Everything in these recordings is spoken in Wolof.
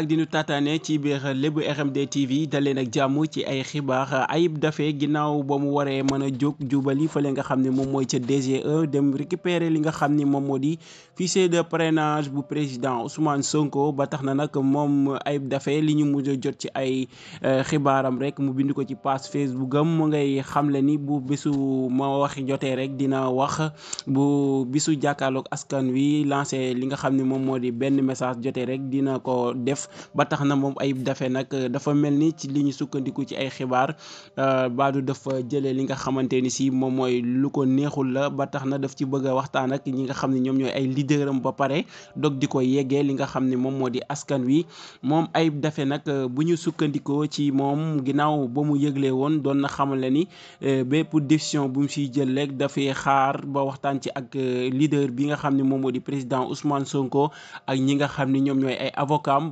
ak di ñu ci biir lébu RMD TV daleen ak jàmm ci ay xibaar Ayib Daffé ginnaaw ba mu waree mën a jóg jubali fële nga xam ne moom mooy ca DGE dem li nga xam ni moom moo di fichier de parrainage bu président Ousmane Sonko ba tax na nag moom Ayib Daffé li ñu mujj jot ci ay euh, xibaaram rek mu bind ko ci page Facebook am mu ngay xamle ni bu bisu ma waxi jotee rek dina wax bu bisu jàkkaarloog askan wi lancé li nga xam ne moom moo di benn message jotee rek dina ko def ba tax na moom Ayib dafe nag euh, dafa mel ni ci li ñu sukkandiku ci ay xibaar euh, du dafa jëlee li nga xamante ni si moom mooy lu ko neexul la ba tax na daf ci bëgg a waxtaan ak ñi nga xam ne ñoom ñooy ay leader am ba pare dog di ko yeggee li nga xam ne moom moo di askan wi moom Ayib Daffé nag euh, bu ñu sukkandikoo ci moom ginnaaw ba mu yëgle woon doon na xamal ni bépp décision bu mu jël rek dafay xaar ba waxtaan ci ak leader bi nga xam ne moom moo di président Ousmane Sonko ak ñi nga xam ne ñoom ñooy ay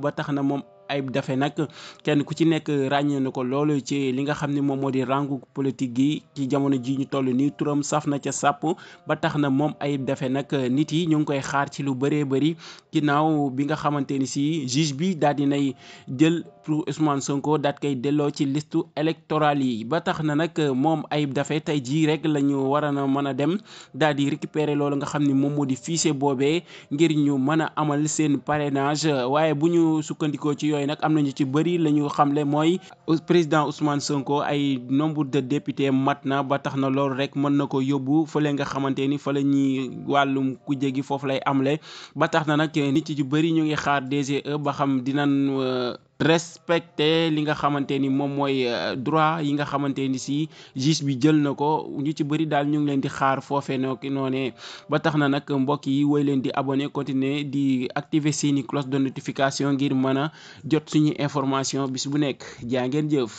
ba tax tax na Ayib Daffé nag kenn ku ci nekk ràññee na ko loolu ci li nga xam ne moom moo di rangu politique gi ci jamono ji ñu toll nii turam saf na ca sàpp ba tax na moom Ayib Daffé nag nit yi ñu ngi koy xaar ci lu bëree bëri ginnaaw bi nga xamante ni si juge bi daal di nay jël pour Ousmane Sonko daat koy delloo ci liste électorale yi ba tax na nag moom Ayib Daffé tey jii rek lañu ñu war a mën a dem daal di récupérer loolu nga xam ni moom moo di fichier boobee ngir ñu mën a amal seen yooyu nag am na ñu ci bari la ñu xamle mooy président Ousmane Sonko ay nombre de député mat na ba tax na loolu rek mën na ko yóbbu fële nga xamante ni fa la ñuy wàllum ku jéggi foofu lay amle ba tax na nag nit ci bëri ñu ngi xaar DGE ba xam dinañ euh, respecté li nga xamante ni moom mooy euh, droit yi nga xamante ni si juge bi jël na ko ñu ci bëri daal ñu ngi leen di xaar foofe noo noonee ba tax na nag mbokk yi woy leen di abonné continuer di activer seeni cloche de notification ngir mën a jot suñu information bis bu nekk jaa ngeen jëf